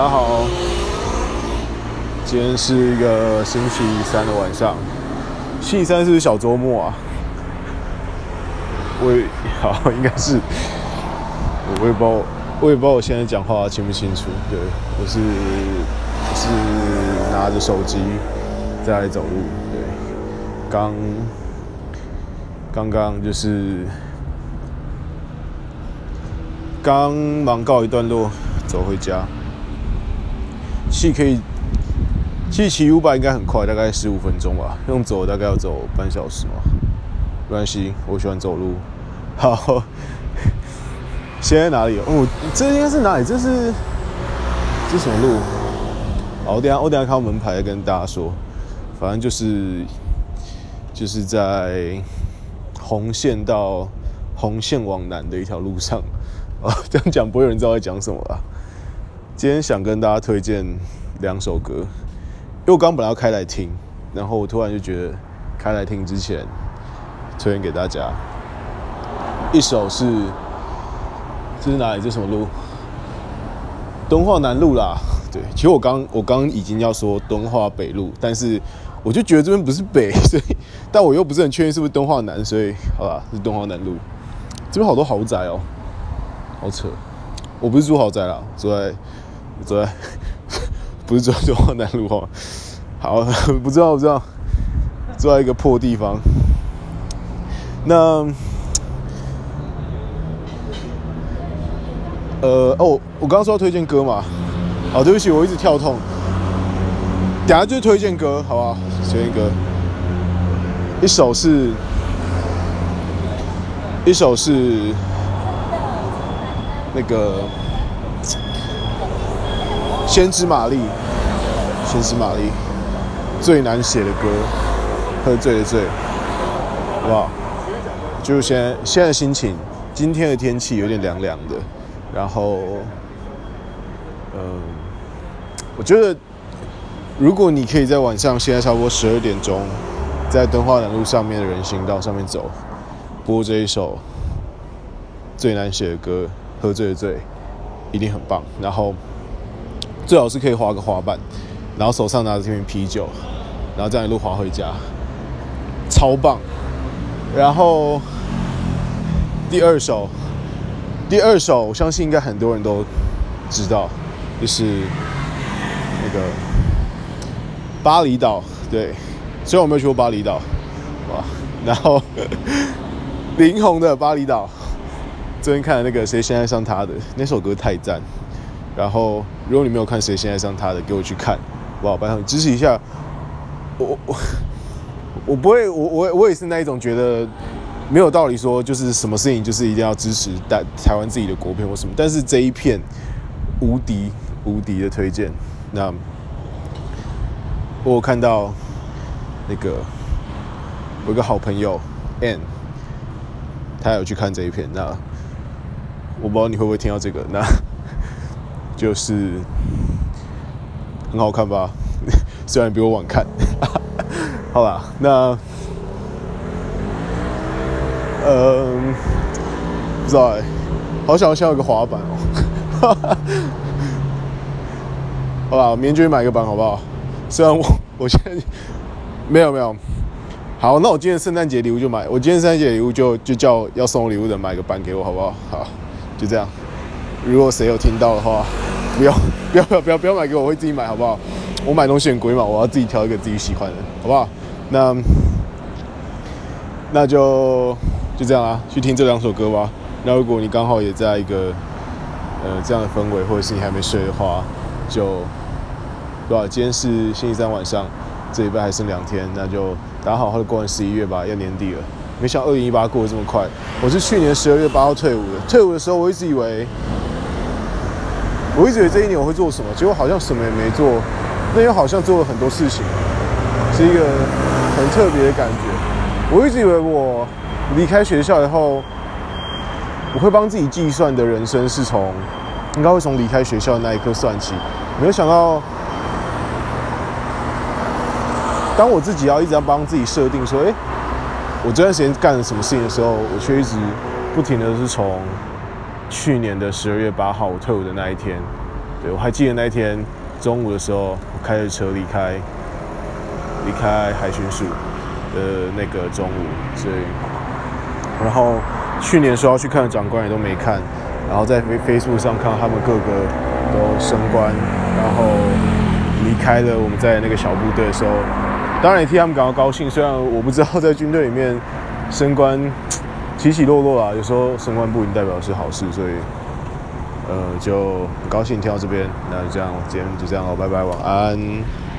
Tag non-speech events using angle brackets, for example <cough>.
大家好，今天是一個星期三的晚上，星期三是不是小週末啊？我也，好，應該是，我我也不知道，我也不知道我現在講話清不清楚。對，我是是拿着手機在走路，對，剛剛剛就是剛忙告一段落，走回家。騎可以，騎騎五百應該很快，大概十五分鐘吧。用走大概要走半小時嘛，沒關係，我喜歡走路。好，現在哪裡有？哦，這應該是哪裡？這是這什麼路？我等下我等下看門牌跟大家說。反正就是就是在紅線到紅線往南的一條路上。哦，這樣講不會有人知道在講什麼吧？今天想跟大家推薦兩首歌，因為我剛本來要開來聽，然後我突然就覺得開來聽之前，推薦給大家。一首是，這是哪裡？這是什麼路？敦化南路啦。對，其實我剛我剛已經要說敦化北路，但是我就覺得這邊不是北，所以但我又不是很確定是不是敦化南，所以好吧，是敦化南路。這邊好多豪宅哦、喔，好扯。我不是住豪宅啦，住在。對，不是走坐華南路哦，好，不知道不知道，坐在一個破地方。那，呃，哦，我剛剛說要推薦歌嘛，好、哦，對不起，我一直跳痛。等下就推薦歌，好不好？推薦歌，一首是，一首是那個。先知瑪麗》，《先知瑪麗》，最難寫的歌，《喝醉的醉》，好不好？就現在現在的心情，今天的天氣有點涼涼的，然後，嗯，我覺得，如果你可以在晚上，現在差不多十二點鐘，在敦化南路上面的人行道上面走，播這一首最難寫的歌《喝醉的醉》，一定很棒。然後。最好是可以滑個滑板，然後手上拿着一瓶啤酒，然後這樣一路滑回家，超棒。然後第二首，第二首，我相信應該很多人都知道，就是那個巴厘島。對，雖然我沒有去過巴厘島，哇。然後呵呵林紅的《巴厘島》，昨天看了那個誰先愛上他的那首歌太讚。然後，如果你沒有看誰先愛上他的，給我去看，我我幫上支持一下。我我我不會，我我我也是那一種覺得沒有道理說就是什麼事情就是一定要支持台台灣自己的國片或什麼。但是這一片無敵無敵的推薦。那我看到那個我一個好朋友 Ann，他有去看這一片。那我不知道你會不會聽到這個？那。就是很好看吧，雖然比我晚看， <laughs> 好啦，那嗯、呃，不、欸、好想好想有一個滑板哦、喔， <laughs> 好吧，我明天就去買個板好不好？雖然我我現在沒有沒有，好，那我今天聖誕節禮物就買，我今天聖誕節禮物就就叫要送禮物的買個板給我好不好？好，就這樣，如果誰有聽到的話。不要，不要，不要，不要，不要買給我，我會自己買，好不好？我買東西很貴嘛，我要自己挑一個自己喜歡的，好不好？那那就就這樣啊，去聽這兩首歌吧。那如果你剛好也在一個呃這樣的氛圍，或者是你還沒睡的話，就對吧？今天是星期三晚上，這禮拜還剩兩天，那就大家好好的過完十一月吧，要年底了。沒想到二零一八過得這麼快，我是去年十二月八號退伍的，退伍的時候我一直以為。我一直以為這一年我會做什麼，結果好像什麼也沒做，那又好像做了很多事情，是一個很特別的感覺。我一直以為我離開學校以後，我會幫自己計算的人生是從應該會從離開學校的那一刻算起，沒有想到，當我自己要一直要幫自己設定說，誒，我這段時間幹了什麼事情的時候，我卻一直不停的是從。去年的十二月八號，我退伍的那一天，對，我還記得那一天中午的時候，我開着車離開，離開海巡署的那個中午，所以，然後去年說要去看的長官也都沒看，然後在 Facebook 上看到他們各個都升官，然後離開了我們在那個小部隊的時候，當然也替他們感到高興，雖然我不知道在軍隊裡面升官，起起落落啊，有時候升官不一定代表是好事，所以，呃，就很高興聽到這邊，那就這樣，今天就這樣哦。拜拜，晚安。